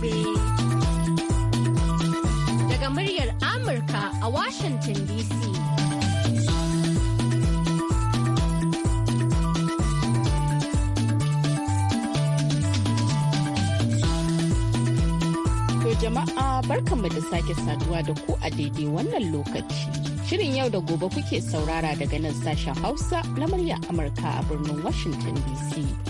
gobe. Daga muryar Amurka a Washington DC. jama'a barkanmu da sake saduwa da ku a daidai wannan lokaci. Shirin yau da gobe kuke saurara daga nan sashen Hausa na murya Amurka a birnin Washington DC.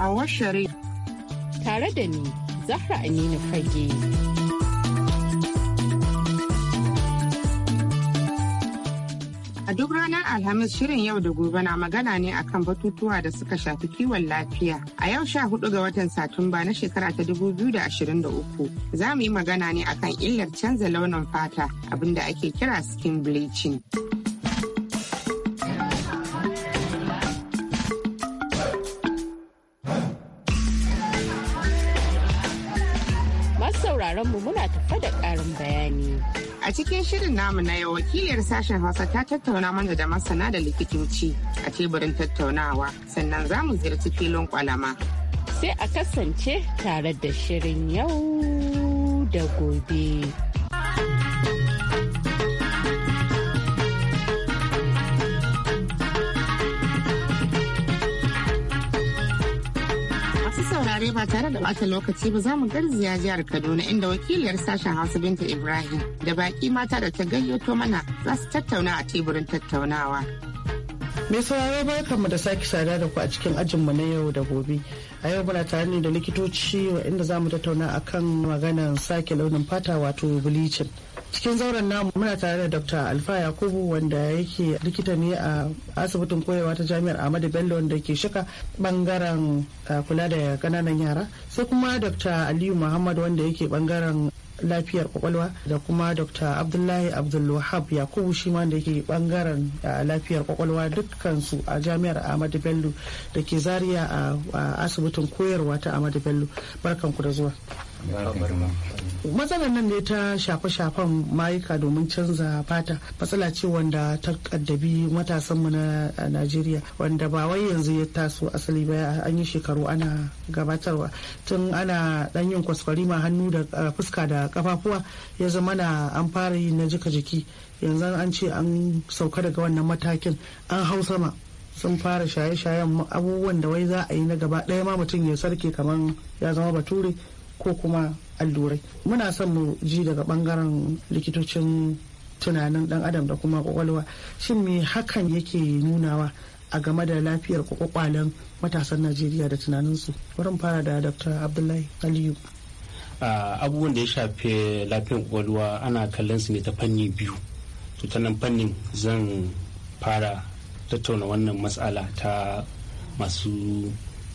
Hauwa Sharif. Tare da ni, Zahra Aminu Fage. A duk ranar Alhamis shirin yau da gobe na magana ne akan batutuwa da suka shafi kiwon lafiya. A yau sha hudu ga watan Satumba na shekara ta dubu biyu da ashirin da uku. Za mu yi magana ne akan illar canza launin fata abinda ake kira skin bleaching. mu muna tafa da ƙarin bayani. A cikin shirin namu na yau wakiliyar sashen Hausa ta tattauna mana da masana da likitoci a teburin tattaunawa sannan za mu ziyarci filin kwalama. Sai a kasance tare da shirin yau da gobe. saurare ba tare da bata lokaci ba za mu garziya jihar Kaduna inda wakiliyar sashen Hausa Binta Ibrahim da baki mata da ta gayyato mana za su tattauna a teburin tattaunawa. Mai sauraro mu da sake sada da ku a cikin ajin mu na yau da gobe. A yau muna tare ne da likitoci inda za mu tattauna akan maganar sake launin fata wato bleaching. cikin zauren namu muna tare da dr alfa yakubu wanda yake likita ne a asibitin koyarwa ta jami'ar ahmadu bello wanda ke shika bangaren eh, kula da kananan yara sai kuma dr aliyu muhammad wanda yake bangaren lafiyar kwakwalwa da kuma dr abdullahi abdulwahab yakubu shi ma da ke bangaren eh, lafiyar kwakwalwa dukkansu a jami'ar ahmadu bello da ke Zariya a asibitin koyarwa ta ahmadu bello barkanku da zuwa matsalar nan ne ta shafe-shafen mayuka domin canza fata matsala ce wanda ta kaddabi matasanmu na najeriya wanda ba wai yanzu ya taso asali ba an yi shekaru ana gabatarwa tun ana dan yin kwaskwari ma hannu da fuska da kafafuwa ya zama na an fara yi na jika jiki yanzu an ce an sauka daga wannan matakin an hau sama sun fara shaye-shayen abubuwan da wai za a yi na gaba ɗaya ma mutum ya sarke kamar ya zama bature ko kuma allurai muna son mu ji daga bangaren likitocin tunanin dan adam da kuma kwakwalwa shin me hakan yake nunawa a game da lafiyar kwakwalen matasan najeriya da tunaninsu wurin fara da dr abdullahi aliyu abubuwan da ya shafe lafiyar kwakwalwa ana kallon su ne ta fanni biyu to ta nan fannin zan fara tattauna wannan matsala ta masu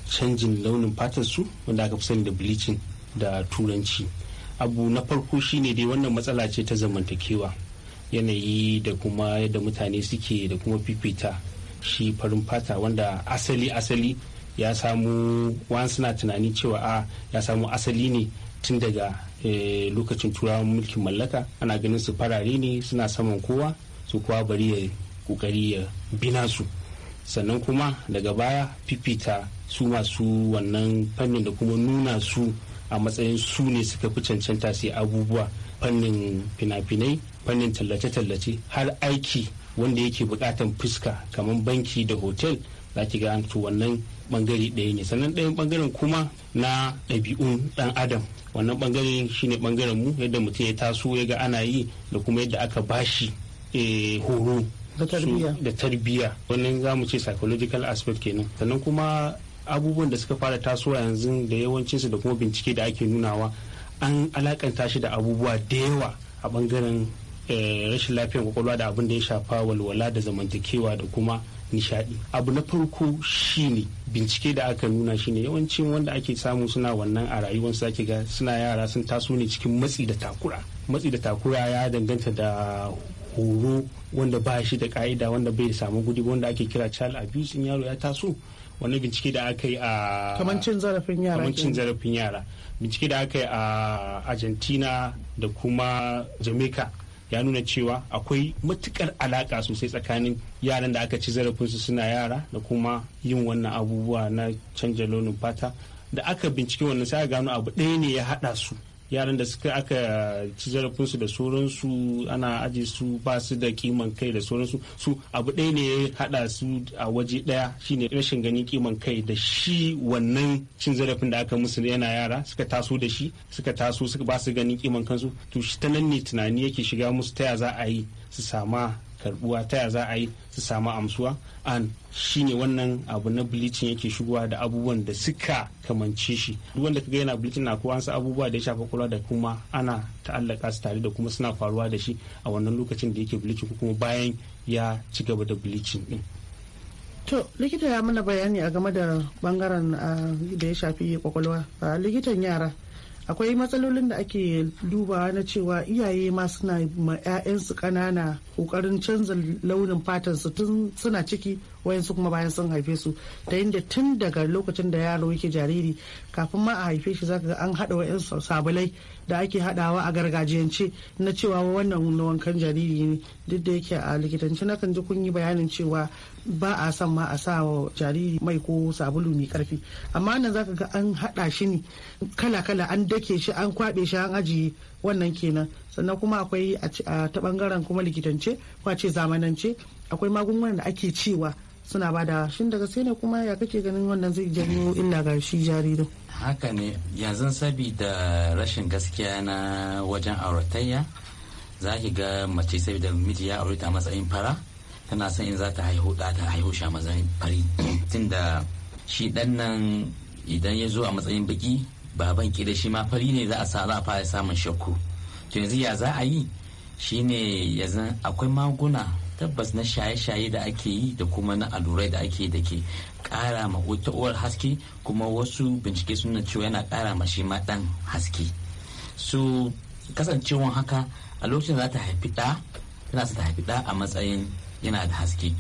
canjin launin fatar su wanda aka fi sani da bleaching da turanci abu na farko shine dai wannan matsala ce ta zamantakewa yanayi da kuma yadda mutane suke da kuma fifita shi farin fata wanda asali asali ya samu wani suna tunani cewa a ah, ya samu asali ne tun daga eh, lokacin turawan mulkin mallaka ana ganin su farare ne suna saman kowa su kuwa bari ya kokari ya bina su sannan kuma daga baya fifita su masu wannan fannin da kuma nuna su a matsayin su ne suka fi cancanta su abubuwa fannin fina-finai fannin tallace-tallace har aiki wanda yake bukatan fuska kamar banki da hotel za ki ga to wannan bangare ɗaya ne sannan ɗayan bangaren kuma na ɗabi'un ɗan adam wannan bangaren shine bangaren mu yadda mutum ya taso ya ga ana yi da kuma yadda aka bashi eh, horo da tarbiyya wannan za mu ce psychological aspect kenan sannan kuma abubuwan da suka fara tasowa yanzu da yawancinsu da kuma bincike da ake nunawa an alakanta shi da abubuwa da yawa a bangaren eh, rashin lafiyar kwakwalwa da abin da ya shafa walwala da zamantakewa da kuma nishadi abu na farko shine bincike da aka nuna shine yawancin wanda ake samu suna wannan a rayuwarsu ake ga suna yara sun taso ne cikin matsi da takura matsi da takura ya danganta da horo wanda ba shi da ka'ida wanda bai samu gudi wanda ake kira child abuse in yaro ya taso wani bincike da aka yi a kamancin zarafin yara kamancin zarafin yara bincike da aka yi a argentina da kuma jamaica ya nuna cewa akwai matukar alaka sosai tsakanin yaran da aka ci zarafinsu suna yara da kuma yin wannan abubuwa na canja launin fata da aka bincike wannan sai gano abu ɗaya ne ya haɗa su yaran da suka aka ci zarafinsu da sauransu ana aji su ba su da kiman kai da sauransu su abu ɗaya ne ya haɗa su a waje ɗaya shine rashin ganin kiman kai da shi wannan cin zarafin da aka musu yana yara suka taso da shi suka taso suka ba su ganin kiman kansu to shi ta nan ne tunani yake shiga musu ta ya za a yi su sama karbuwa ta ya za a yi su samu amsuwa an shine wannan abu na bilicin yake shigowa da abubuwan da suka kamance shi duk wanda kaga yana bleaching na kowa wasu abubuwa da ya shafa kula da kuma ana ta'allaka su tare da kuma suna faruwa da shi a wannan lokacin da yake bleaching ko kuma bayan ya ci gaba da bilicin. din To likita ya mana bayani a game da bangaren ah, da ya shafi kwakwalwa ah, likitan yara akwai matsalolin da ake dubawa na cewa iyaye ma suna ma 'ya'yansu ƙanana ƙoƙarin canza launin fatansu tun suna ciki wayansu kuma bayan sun haife su ta inda tun daga lokacin da yaro yake jariri kafin ma a haife shi zaka ga an haɗa wayansu sabulai da ake haɗawa a gargajiyance na cewa wannan na wankan jariri ne duk da yake a likitance na kan ji kun yi bayanin cewa ba a son ma a sa wa jariri mai ko sabulu mai karfi amma nan zaka ga an haɗa shi ne kala-kala an dake shi an kwaɓe shi an ajiye wannan kenan sannan kuma akwai a ta bangaren kuma likitance ko a ce zamanance akwai magungunan da ake cewa suna bada shin daga sai ne kuma ya kake ganin wannan zai janyo illa ga shi jaririn haka ne yanzu sabida rashin gaskiya na wajen auratayya za ki ga mace sabida miji ya aure ta matsayin fara tana son in za ta haihu da ta haihu sha matsayin fari tunda shi dan nan idan ya zo a matsayin baki baban ki da shi ma fari ne za a sa za a fara samun shakku to yanzu ya za a yi shine yanzu akwai maguna tabbas na shaye-shaye da ake yi da kuma na alurai da ake da ke kara ma wata uwar haske kuma wasu bincike suna cewa yana kara ma shi ma dan haske su kasancewan haka a lokacin za ta haifi da tana ta haifi da a matsayin yana da haske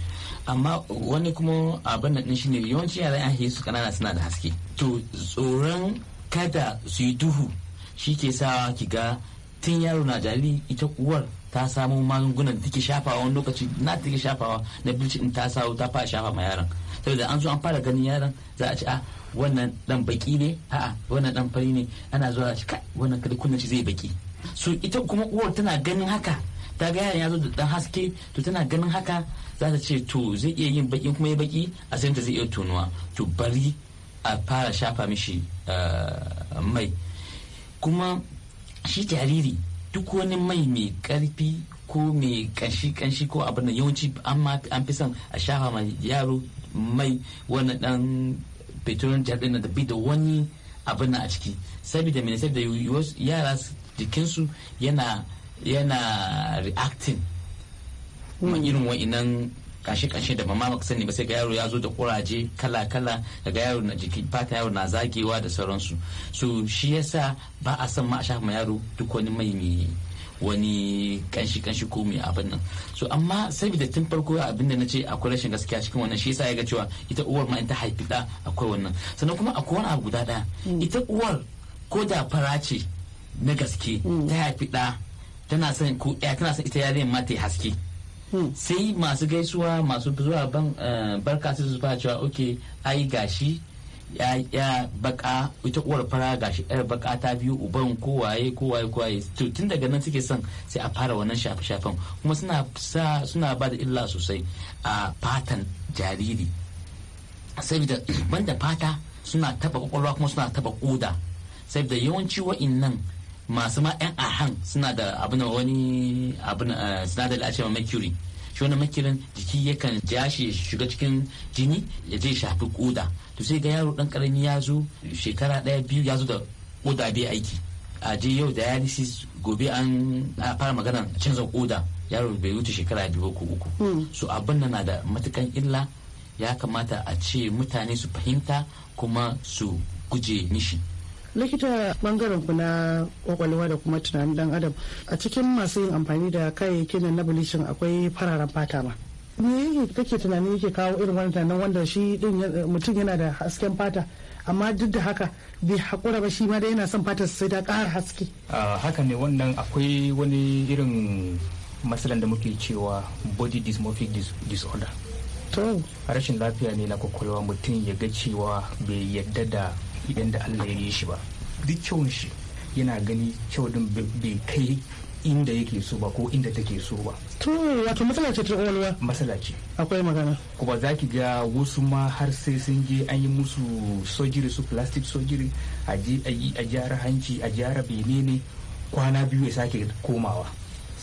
amma wani kuma abin da din shine yawanci yaran an su kanana suna da haske to tsoron kada su yi duhu shi ke sa ki ga tun yaro na jariri ita uwar ta samu magungunan da take shafawa wani lokaci na take shafawa na bilci in ta sawo ta fara shafa ma yaran saboda an zo an fara ganin yaran za a ci a ah, wannan dan baki ne a'a wannan dan fari ne ana zuwa shi kai wannan kada kunna shi zai baki so ita kuma uwar tana ganin haka ta ga yaron ya zo da dan haske to tana ganin haka za ta ce to zai iya yin baki kuma ya baki a sai ta zai iya tunuwa to bari a fara shafa mishi eh, mai kuma shi jariri duk wani mai mai karfi ko mai kanshi kanshi ko abin da yawanci an fi son a shafa ma yaro mai wani dan petroleum jar da da wani abin a ciki saboda mene da yara jikinsu yana yana reacting kuma mm. irin wa'inan kashe kashe da mama maka sani ba sai ga yaro ya zo da kuraje kala kala daga yaro na jiki fata yaro na zagewa da sauransu so shi yasa ba a san ma a shafa yaro duk wani mai me wani kanshi kanshi ko mai abin nan so amma saboda tun farko abinda na ce akwai rashin gaskiya cikin wannan shi yasa ya ga cewa ita uwar ma in ta haifi da akwai wannan sannan kuma akwai wani abu guda daya mm. ita uwar ko da fara ce na gaske mm. ta haifi da tana son ko ya eh, tana son ita yarinyar ma ta yi haske Hmm. sai masu gaisuwa masu zuwa eh, barka su su cewa ok ai gashi ya baka ita uwar fara gashi yar baka ta biyu uban kowaye kowaye kowaye to tun daga nan suke son sai a fara wannan shafe shafen kuma suna ba da illa sosai a fatan jariri saboda banda fata suna taba kwakwalwa kuma suna taba koda saboda yawanci wa'innan masu ma yan ahan suna da abin wani abin eh, sinadari a cewa mercury shi wani makirin jiki yakan ja shi ya shiga cikin jini ya je shafi koda to sai ga yaro dan karami ya zo shekara daya biyu ya zo da koda bai aiki a je yau dialysis gobe an fara magana canza koda yaro bai wuce shekara biyu ko uku hmm. so abin nan na da matukan illa ya kamata a ce mutane su fahimta kuma su guje mishi likita bangaren ku na kwakwalwa da kuma tunanin dan adam a cikin masu yin amfani da kayayyakin na bilishin akwai fararen fata ma me yake kake tunanin yake kawo irin wannan tunanin wanda shi din mutum yana da hasken fata amma duk da haka bai hakura ba shi ma da yana son fata sai ta ƙara haske haka ne wannan akwai wani irin matsalan da muke cewa body dysmorphic disorder to rashin lafiya ne na kwakwalwa mutum ya ga cewa bai yadda da yadda Allah ya yi shi ba duk kyawun shi yana gani kyau din bai kai inda yake so ba ko inda take so ba. To wato matsala ce ta ƙwaƙwalwa? Matsala Akwai magana. Kuma za ki ga wasu ma har sai sun je an yi musu sojiri su plastic sojiri a a gyara hanci a gyara bene ne kwana biyu ya sake komawa.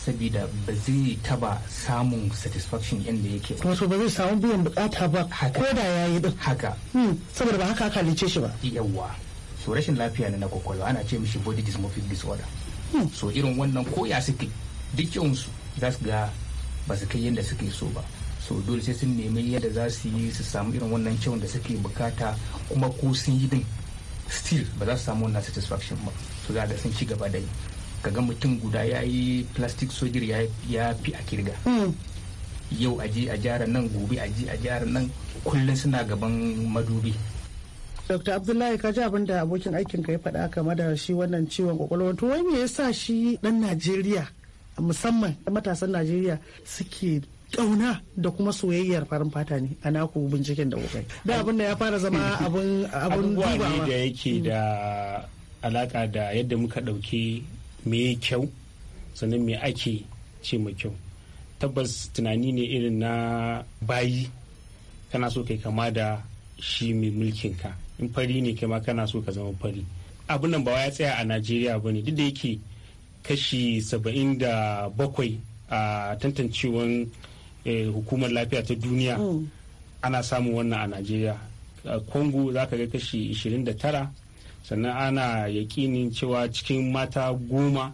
saboda ba zai taba samun satisfaction inda yake ba. Wato ba zai samu biyan bukata ba ko da ya yi din. Haka. Hmm, saboda ba haka aka halice shi ba. Yawwa. So rashin lafiya ne na kwakwalwa ana ce mishi body dysmorphic disorder. Hmm. So irin wannan ko ya suke dukkansu za su ga ba su kai yadda suke so ba. so dole sai sun nemi yadda za su yi su samu irin wannan kyau da suke bukata kuma ko sun yi din still ba za su samu wannan satisfaction ba so za da sun ci gaba da yi ka ga mutum guda ya yi plastic surgery ya fi a kirga hmm. yau a gyara nan gobe a gyara nan kullum suna gaban madubi Dr. Abdullahi ka ji abin da abokin aikin ka ya faɗa kama da shi wannan ciwon kwakwalwa to wai me yasa shi ɗan Najeriya musamman matasan Najeriya suke ƙauna da kuma soyayyar farin fata ne a naku binciken da kuka da abin da ya fara zama abin abin dubawa da yake hmm. da alaka da yadda muka ɗauki. me kyau sannan me ake ce mai kyau tabbas tunani ne irin na bayi kana so kai kama da shi mai mulkin in fari ne kai ma kana so ka zama fari abin nan ba ya tsaya a najeriya ba ne duk da yake kashi saba'in da bakwai a tantancewan eh, hukumar lafiya ta duniya mm. ana samun wannan a najeriya kongo za ka ga kashi tara. sannan ana yakinin cewa cikin mata goma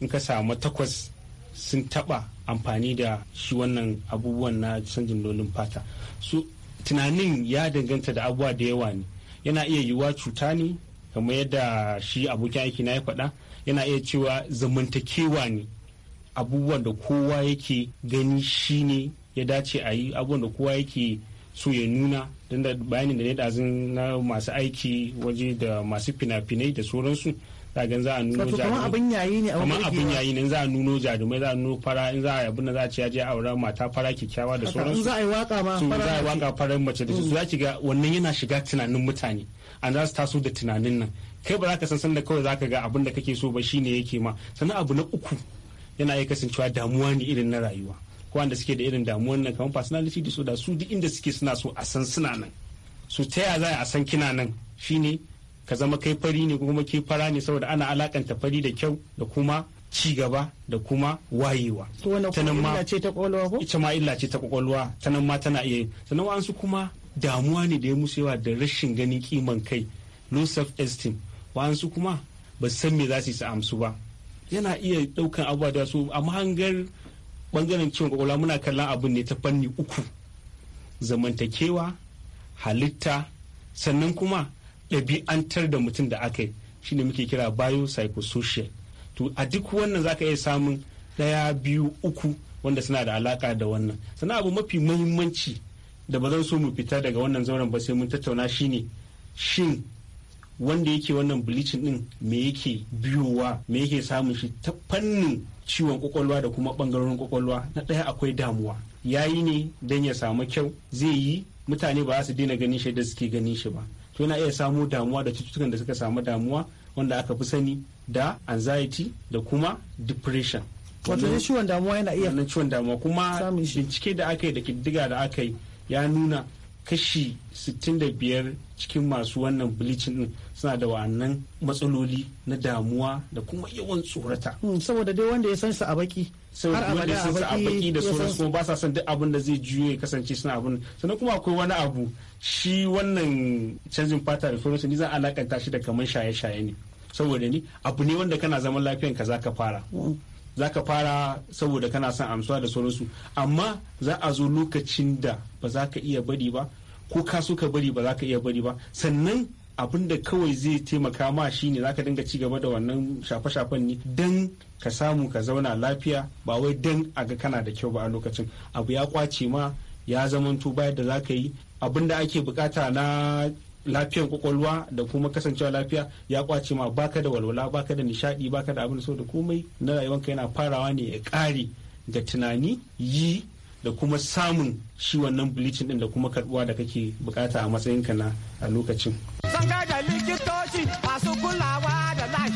in ka samu takwas sun taba amfani da shi wannan abubuwan na canjin launin fata su tunanin ya danganta da abubuwa da yawa ne yana iya yiwuwa cuta ne kamar yadda shi abokin aiki na ya faɗa yana iya cewa zamantakewa ne abubuwan da kowa yake gani shi ne ya dace a yi abubuwan da kowa yake su ya nuna don da bayanin da ne dazun na masu aiki waje da masu fina-finai da sauransu gan za a nuno jarumai kamar abin yayi ne yayi ne za a nuno jarumai za a nuno fara in za a yabi na za a ci ya je aure mata fara kikkiawa da sauransu za a yi waka ma fara za a yi waka fara mace da su za ki ga wannan yana shiga tunanin mutane an za su taso da tunanin nan kai ba za ka san san da kawai za ka ga abin da kake so ba shine yake ma sannan abu na uku yana iya kasancewa damuwa ne irin na rayuwa ko wanda suke da irin damuwan nan kamar personality disorder su duk inda suke suna so a san suna nan su ta ya za a san kina nan shine ka zama kai fari ne kuma ke fara ne saboda ana alakanta fari da kyau da kuma ci gaba da kuma wayewa. To ma ce ta kwakwalwa ko? Ita ma illa ce ta kwakwalwa ta ma tana iya sannan wa'ansu kuma damuwa ne da ya musu yawa da rashin ganin kiman kai low self esteem wa'ansu kuma ba san me za su yi su amsu ba. Yana iya ɗaukan abubuwa da su amma hangar bangaren kiwon kwakwalwa muna kallon abin ne ta fanni uku zamantakewa halitta sannan kuma ɗabi'antar da mutum da aka yi shine muke kira biopsychosocial to a duk wannan za ka iya samun ɗaya biyu uku wanda suna da alaka da wannan sannan abu mafi muhimmanci da ba zan so mu fita daga wannan zauren ba sai mun tattauna shine shin wanda yake wannan bleaching din me yake biyowa me yake samun shi ta fannin ciwon kwakwalwa da kuma bangarorin kwakwalwa na ɗaya akwai damuwa yayi ne don ya samu kyau zai yi mutane ba za su daina ganin shi da suke ganin shi ba to yana iya samo damuwa da cututtukan da suka samu damuwa wanda aka fi sani da anxiety da kuma depression wato ne ciwon damuwa yana iya ciwon damuwa kuma bincike da aka yi da kiddiga da aka yi ya nuna kashi 65 cikin masu wannan bleaching din suna da wa'annan matsaloli na damuwa da kuma yawan tsorata. Hmm, saboda dai wanda ya san sa a baki har wanda ya su a baki da kuma ba sa son duk abin da zai juyo ya kasance suna abin sannan kuma akwai wani abu shi wannan canjin fata da sauransu ni zan alakanta shi da kamar shaye-shaye ne saboda ni abu ne wanda kana zaman lafiyan ka za ka fara hmm. za ka fara saboda kana son amsuwa da sauransu amma za a zo lokacin da ba za ka iya bari ba ko ka so ka bari ba za ka iya bari ba sannan abin da kawai zai taimaka ma shi ne za ka dinga cigaba da wannan shafe-shafen ne don ka samu ka zauna lafiya ba wai don a ga kana da kyau ba a lokacin abu ya kwace ma ya zamanto bayar da za ka yi abin da ake bukata na lafiyan kwakwalwa da kuma kasancewa lafiya ya kwace ma baka da walwala baka da nishadi baka da abin so da komai na rayuwanka yana farawa ne ya kare ga tunani yi da kuma samun shi wannan bleaching din da kuma karbuwa da kake bukata a matsayinka na a lokacin zan da likitoci masu kulawa da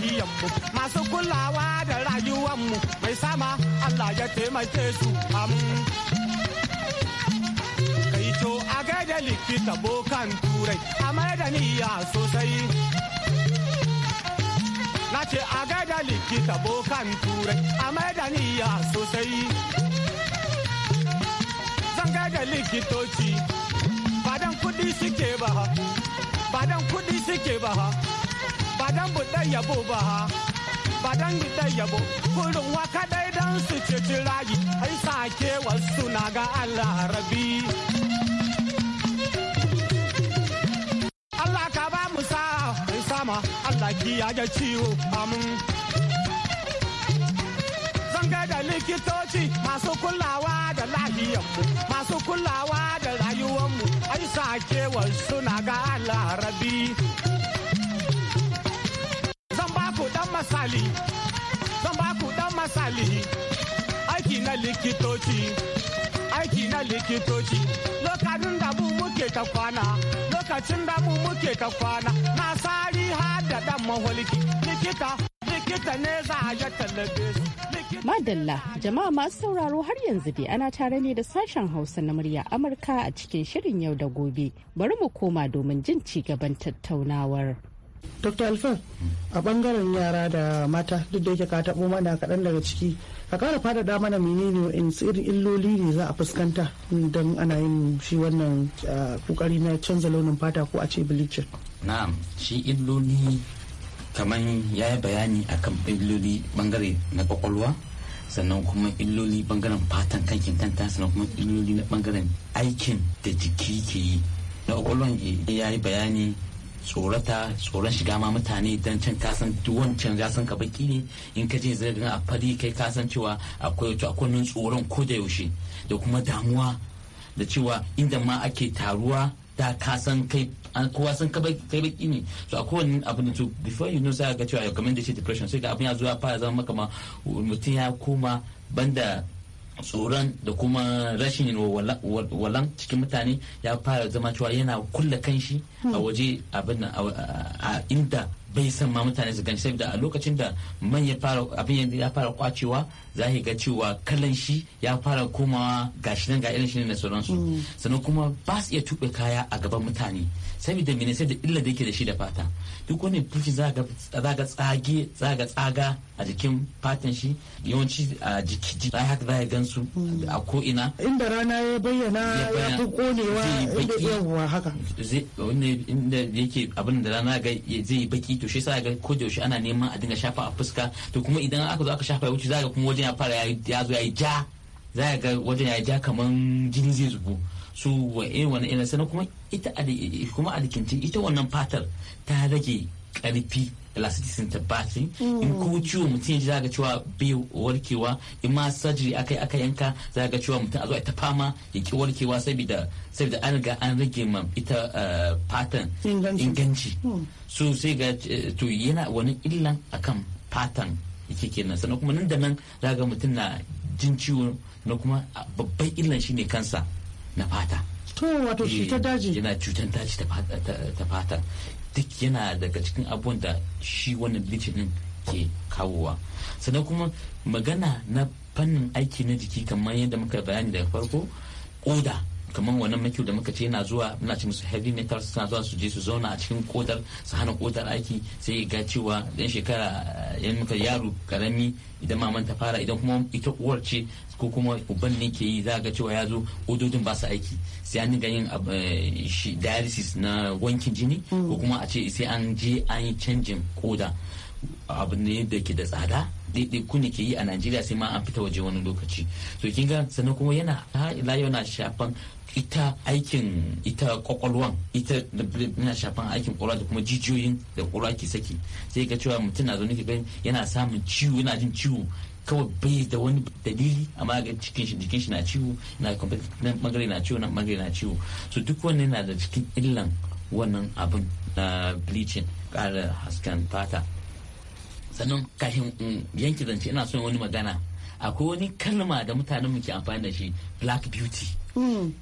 masu kulawa da rayuwanmu mai sama Allah ya taimake su amin da likita bokan turai a da niyya sosai na ce a da likita bokan turai a da niyya sosai zan da likitoci badan kudi suke ba ha badan kudi suke ba ha badan budan yabo ba ha badan gidan yabo kurin waka dai dan su ci rayi ai sake wasu na ga Allah rabi. sama Allah kiyaye ciwo amin. Zan da likitoci masu kulawa da lahiyanmu, masu kulawa da rayuwanmu, ai sakewar suna ga larabi. Zan ba ku dan masali, zan ba ku dan masali, aiki na likitoci, aiki na likitoci, lokacin da mu muke ta kwana. lokacin da mu muke ka kwana na sari har da dan maholiki likita likita ne za a ya talabe Madalla jama'a masu sauraro har yanzu dai ana tare ne da sashen Hausa na murya Amurka a cikin shirin yau da gobe. Bari mu koma domin jin ci gaban tattaunawar. Dr. Alfan, a bangaren yara da mata duk da yake ka taɓo mana kaɗan daga ciki ka kara da mana menene in tsirin illoli ne za a fuskanta don ana yin shi wannan kokari na canza launin fata ko a ce bleaching na'am shi illoli kamar ya yi bayani akan illoli bangare na kwakwalwa sannan kuma illoli bangaren fatan kankin kanta sannan kuma illoli na bangaren aikin da jiki ke yi na kwakwalwa eh, ya yi bayani tsorata tsoron shiga ma mutane don can kasan wancan ya san ka baki ne in ka je zai a fari kai kasan cewa akwai wato akwai tsoron ko da yaushe da kuma damuwa da cewa inda ma ake taruwa da kasan kai kowa san ka kai baki ne so akwai wani abu da to before you know sai ga cewa ya kamar da shi depression sai ga abin ya zo ya fara zama maka ma mutum ya koma banda tsoron da kuma rashin walan cikin mutane ya fara zama cewa yana kulle kanshi a hmm. waje abin a inda bai san ma mutane su ganci saboda a lokacin da man fara abin ya fara kwacewa za ga cewa kalan shi ya fara komawa shi nan ga irin shi ne na sauransu mm. sannan kuma ba su iya tuɓe kaya a gaban mutane saboda mene sai da illa da yake da shi da fata duk wani fushi za ga tsage za ga tsaga a jikin fatan shi yawanci a jiki za haka za gan su mm. a ko ina inda rana ya bayyana ya fi konewa inda yawa haka wanda inda yake abin da rana ga zai yi baki to shi sa ga ko da ana neman a dinga shafa a fuska to kuma idan aka zo aka shafa ya wuce za ga kuma wajen ya fara ya zo ya yi ja za ga wajen ya yi ja kamar jini zai zubo su wani irin sannan kuma ita kuma alikinci ita wannan fatar ta rage karfi elasticity ta bashi in ko ciwo mutum ya ji za ga cewa bai warkewa in ma surgery akai aka yanka za ga cewa mutum a zo ta fama ya ki warkewa saboda saboda an riga an rage ma ita eh, fatan inganci hmm. su sai ga eh, to yana wani illan akan fatan yake kenan sannan kuma nan da nan za ga mutum na jin ciwo na kuma babban illan shine kansa na fata to wato ta eh, daji yana cutar daji ta fata duk yana daga cikin abubuwan da shi wannan litinin ke kawowa sannan kuma magana na fannin aiki na jiki kamar yadda muka bayani daga farko koda kamar wannan makil da muka ce yana zuwa muna ce musu heavy metal suna zuwa su je su zauna a cikin kodar su hana kodar aiki sai ga cewa dan shekara yan muka yaro karami idan maman ta fara idan kuma ita uwar ce ko kuma uban ne ke yi za ga cewa ya zo ododin ba su aiki sai an ga yin eh, dialysis na wankin jini ko mm. kuma a ce sai an je an yi canjin koda abu ne da ke da tsada ɗaiɗaiku ne ke yi a najeriya sai ma an fita waje wani lokaci to kin ga sannan kuma yana ila yau na shafan ita aikin ita kwakwalwan ita na shafan aikin kwakwalwa da kuma jijiyoyin da kwakwalwa ke saki sai ka cewa mutum na zaune ke yana samun ciwo yana jin ciwo kawai bai da wani dalili amma ga cikin shi jikin shi na ciwo na bangare na ciwo na magare na ciwo so duk wannan yana da cikin illan wannan abin na bleaching kara hasken fata sannan kafin yanki zance ina son wani magana akwai wani kalma da mutanen mu ke amfani da shi black beauty hmm.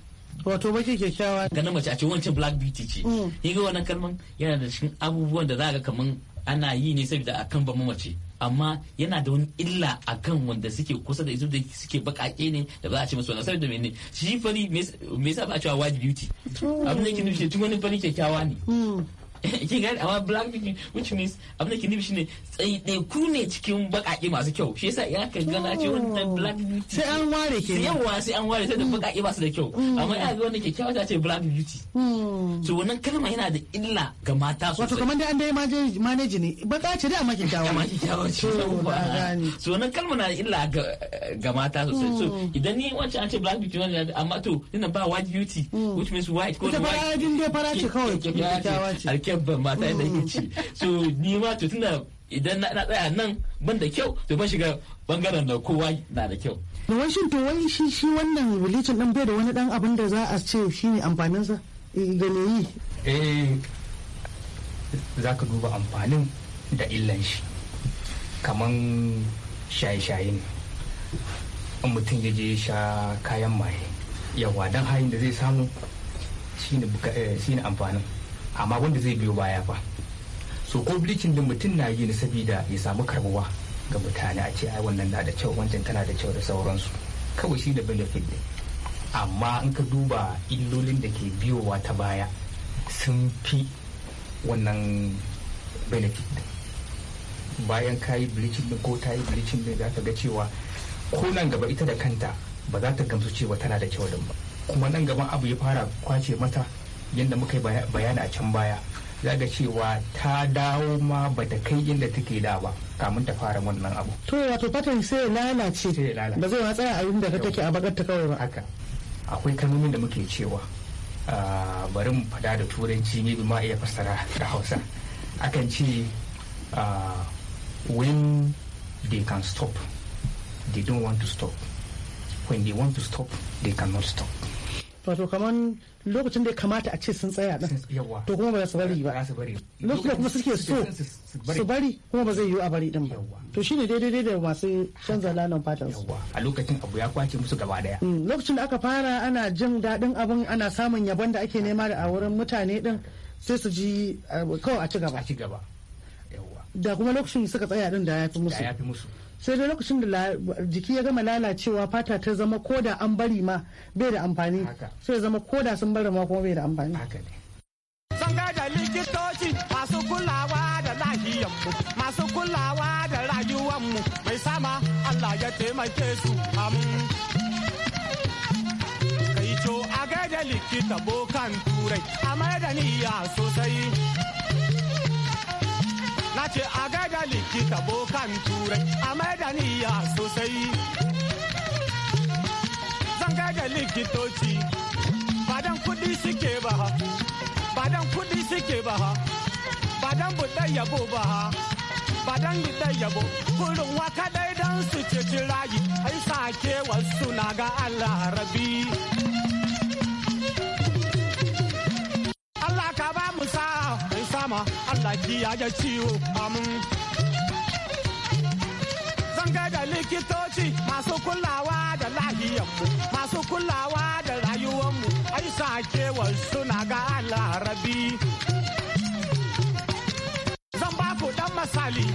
wato baki kyakkyawa ganin mace a ce wancan black beauty ce yi hmm. ga wannan kalman yana da cikin abubuwan da za ga kaman ana yi ne saboda kan ba mace amma yana da wani illa a kan wanda suke kusa da ita da suke bakake ne da ba a ce musu wannan saboda menene shi fari me yasa ba a cewa white beauty abin da yake nufi tun wani fari kyakkyawa ne hmm. kin gane black people which means abin da ke nufi shine ku ne cikin bakaki masu kyau shi yasa ya ka gana ce black sai an ware ke yawa sai an ware sai da bakaki ba da kyau amma ya ga wannan kyakkyawa ta ce black beauty so wannan kalma yana da illa ga mata sosai wato kamar dai an dai manage ne baka ce dai amma kyakkyawa amma kyakkyawa ce so wannan kalma na da illa ga mata sosai so idan ni an ce black beauty wannan amma to ina ba white beauty which means white ko white ita ba dai fara ce kawai ce dabban mata yadda yake ci so ni ma to tuna idan na tsaya nan ban da kyau to ban shiga bangaren da kowa na da kyau da wai shin to wai shi shi wannan religion din bai da wani dan abin da za a ce shi ne amfanin sa eh, ga me yi eh zaka duba amfanin da illan shi kaman shaye-shaye ne in mutum ya je sha kayan maye yawa dan hayin da zai samu shi ne eh, amfanin amma wanda zai biyo baya ba so ko bleaching din mutum na yi ne saboda ya samu karbuwa ga mutane a ce ai wannan na da kyau wancan tana da kyau da sauransu kawai shi da benefit din amma in ka duba illolin da ke biyowa ta baya sun fi wannan benefit din bayan ka yi bleaching din ko ta yi bleaching din za ka ga cewa ko nan gaba ita da kanta ba za ta gamsu cewa tana da kyau din ba kuma nan gaban abu ya fara kwace mata yadda muka yi bayani a can baya zaga cewa ta dawo ma ba da kai inda take da ba kamun ta fara wannan abu. To wato fatan sai ya lalace ba zai watsaya a inda ta take a bakar ta kawai ba. Haka akwai kalmomin da muke cewa ah, bari mu fada da turanci ne ma iya fassara da Hausa. Akan ce ah, when they can stop they don't want to stop when they want to stop they cannot stop. Wato kaman lokacin da ya kamata a ce sun tsaya din to kuma ba za su bari ba lokacin da kuma suke so su bari kuma ba zai yiwu a bari din ba to ne daidai da masu canza lanon fatan su a lokacin abu ya kwace musu gaba daya mm, lokacin da aka fara ana jin daɗin abin ana samun yabon da ake nema da a wurin mutane din sai su ji eh, kawai a ci gaba da kuma lokacin suka tsaya din da ya fi musu sai dai lokacin da jiki ya gama lalacewa fata ta zama koda an bari ma bai da amfani sai zama koda sun bari ma kuma bai da amfani sun da likitoci masu kulawa da lahiyanmu masu kulawa da rayuwanmu mai sama Allah ya taimake su kai co a gaida likita bokan turai a mai da niyya sosai ce a gaida likita bokan turai a maida niyya sosai zan gaida likitoci badan kudi suke ba ha badan kudi suke ba ha badan buɗe yabo ba ha badan buɗe yabo kurin waka dai dan su ceci rayu ai sake wasu na ga Allah rabi sama Allah kiyaye ciwo amin. Um. zanga da likitoci masu kulawa da lahiyanmu, masu kulawa da rayuwanmu, ai sakewar suna ga larabi. Zan ba ku dan masali,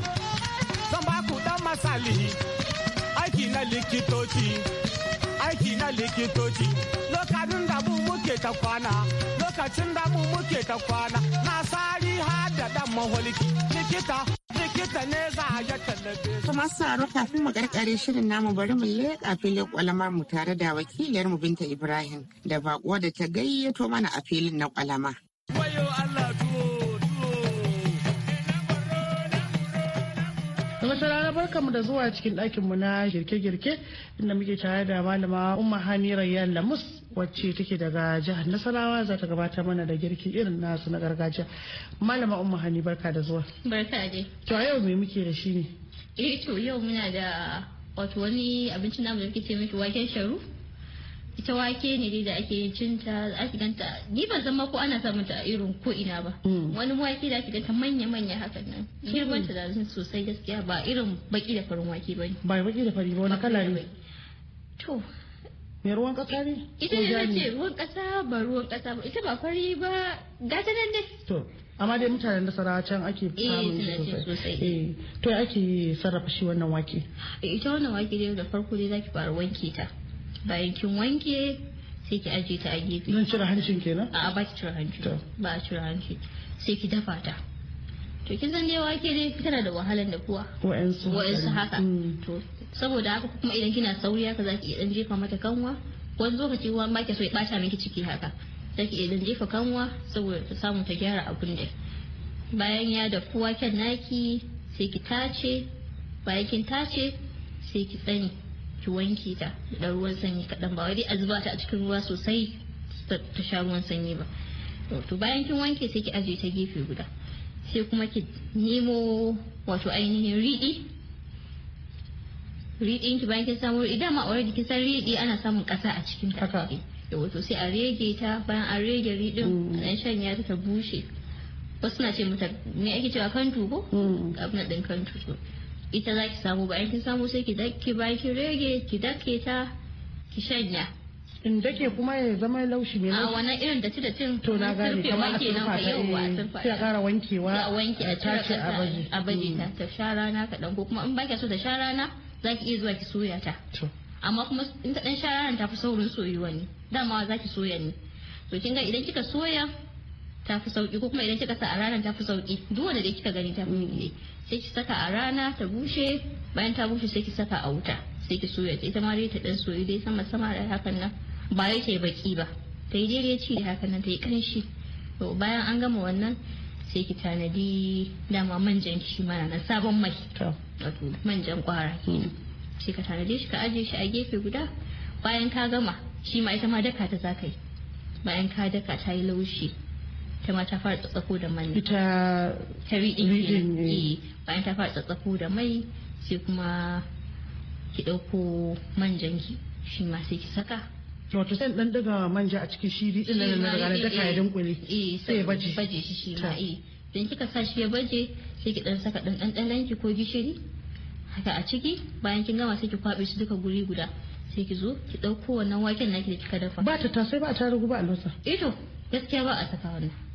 zan ba ku dan masali, aiki na likitoci. aiki na likitoci lokacin da mu muke ta kwana lokacin da mu muke ta kwana na sari har da dan maholiki likita likita ne za a ya tallafe to masu kafin mu karkare shirin namu bari mu leƙa filin kwalama mu tare da wakilar mu Binta Ibrahim da baƙo da ta gayyato mana a filin na kwalama da barka mu da zuwa cikin ɗakin mu na girke-girke inda muke tare da malama Umma Hani Rayyan Lamus wacce take daga jihar Nasarawa za ta gabatar mana da girki irin nasu na gargajiya. Malama Umma Hani barka da zuwa. Barka dai. To a yau me muke da shi ne? Eh to yau muna da wato wani abincin namu da muke ce miki waken sharu. ita wake ne dai da ake yin cinta ake ganta ni ban san ma ko ana samun ta irin ko ina ba mm. wani wake da ake ganta manya manya haka nan mm. girman ta da sosai gaskiya ba irin baki da farin wake bane ba baki da fari ba wani kala ne to me ruwan kasa ne ita ne ce ruwan kasa ba ruwan kasa ba ita ba fari ba gata nan dai to amma dai mutanen da sarawa can ake eh, samun sosai eh, to ake sarrafa shi wannan wake eh, ita wannan wake dai da farko dai zaki fara wanke ta bayan kin wanke sai ki aje ta a gefe nan cire hancin kenan a ba ki cire hanci ba a cire hancin. sai ki dafa ta to kin san dai wake dai tana da wahalan dafuwa wa'ansu wa'ansu haka mm. to saboda haka kuma idan kina sauri haka ki iya dan jefa mata kanwa wani lokaci ruwan ba ke so ya ɓata miki ciki haka za ki iya dan jefa kanwa saboda ta samu ta gyara abun da bayan ya dafu waken naki sai ki tace bayan kin tace sai ki tsani ki wanke ta da ruwan sanyi kaɗan ba wai a zuba ta a cikin ruwa sosai ta sha ruwan sanyi ba to bayan kin wanke sai ki ajiye ta gefe guda sai kuma ki nemo wato ainihin riɗi riɗin ki bayan kin samu riɗi dama already kin san riɗi ana samun ƙasa a cikin ta wato sai a rege ta bayan an rege riɗin mm. a ɗan shanya ta ta bushe wasu na ce mata me ake cewa kantu ko mm. abin ɗin kantu ita za ki samu bayan kin samu sai ki dake bayan ki rage ki dake ta ki shanya in dake kuma ya zama laushi mai laushi a wannan irin da ci da cin to na gane kuma a turfa ta yauwa eh, sai a kara wankewa a wanke a tace a baje a baje ta mm. ta na ka kaɗan ko kuma in ba so ta shara na za ki iya zuwa ki soya ta amma kuma in ta dan shara ta fi saurin soyuwa ne dama za ki soya ne to kin ga idan kika soya ta fi sauki ko kuma idan kika sa a rana ta fi sauki duk wanda da kika gani ta fi sauki sai ki saka a rana ta bushe bayan ta bushe sai ki saka a wuta sai ki soya ta ita ma dai ta dan soyu dai sama sama da hakan nan ba yi ta yi baki ba ta yi daidai ci da hakan nan ta yi kanshi to bayan an gama wannan sai ki tanadi dama manjan shi mana na sabon mai wato manjan kwara kenan sai ka tanade shi ka ajiye shi a gefe guda bayan ka gama shi ma ita ma daka ta za yi bayan ka daka ta yi laushi ta ma ta fara tsatsako da mai ita ta ridin bayan ta fara tsatsako da mai sai kuma ki dauko manjan ki shi ma sai ki saka wato sai dan daga manja a cikin shiri din nan na da daka ya kuli sai ya baje baje shi shi ma eh dan kika sa shi ya baje sai ki dan saka dan dan ki ko gishiri haka a ciki bayan kin gama sai ki kwabe su duka guri guda sai ki zo ki dauko wannan waken naki da kika dafa ba ta ta sai ba a rugu ba a losa eh to gaskiya ba a saka wannan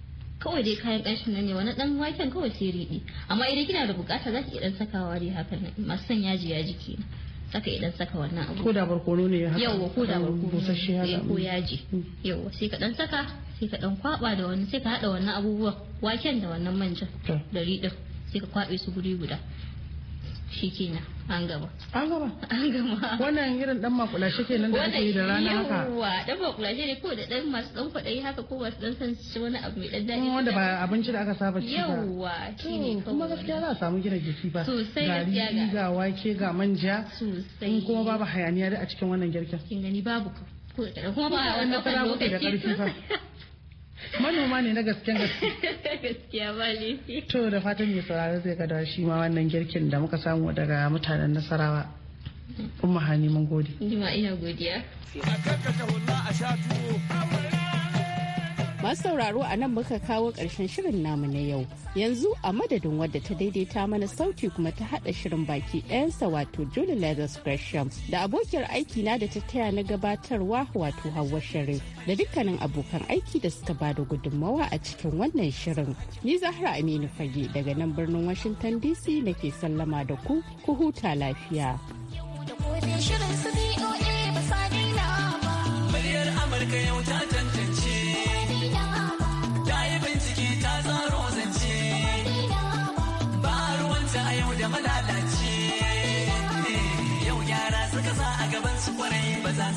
kawai dai kayan ƙanshin nan ne wani dan waken kawai sai riɗi amma idan kina da bukata za ki iya dan sakawa dai hakan nan masu son yaji yaji ke saka idan saka wannan abu ko da barkono ne haka yawa ko da barkono ne eh, ko yaji mm. yawa sai ka dan saka sai ka dan kwaba da wani sai ka hada wannan abubuwan waken da wannan manjan da riɗin sai ka kwabe su guri guda shi kenan an gaba an gaba an gama wannan irin dan makulashe kenan da ake da rana haka yawa dan makulashe ne ko da dan masu dan kwadayi haka ko masu dan san shi wani abu mai dan dadi mm, wanda ba abinci da aka saba ci ba yawa shine mm, kuma gaskiya za a samu gina jiki ba sosai gaskiya ga ga wake ga manja sosai in kuma babu hayaniya da a cikin wannan girkin kin gani babu ko kuma ba wannan lokaci da karfi fa manoma ne na gasken gaske gaskiya ba laifi to da fatan mai sauraro zai gada shi ma wannan girkin da muka samu daga mutanen nasarawa umma hani mun gode ni ma ina godiya a kanka ta a sha Masu sauraro a nan muka kawo ƙarshen shirin namu na yau. Yanzu a madadin wadda ta daidaita mana sauti kuma ta haɗa shirin baki ɗayansa wato Julie Leathers Gresham da abokiyar aiki na da ta taya na gabatarwa wato hawa shirin da dukkanin abokan aiki da suka bada gudunmawa a cikin wannan shirin. Ni Zahra Aminu Fage daga nan birnin Washington DC nake sallama da ku, ku huta lafiya. Amurka yau ta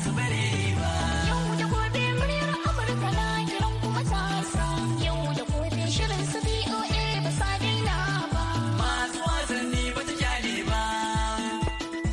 many.